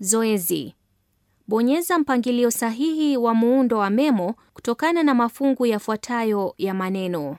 Zoezi: bonyeza mpangilio sahihi wa muundo wa memo kutokana na mafungu yafuatayo ya maneno.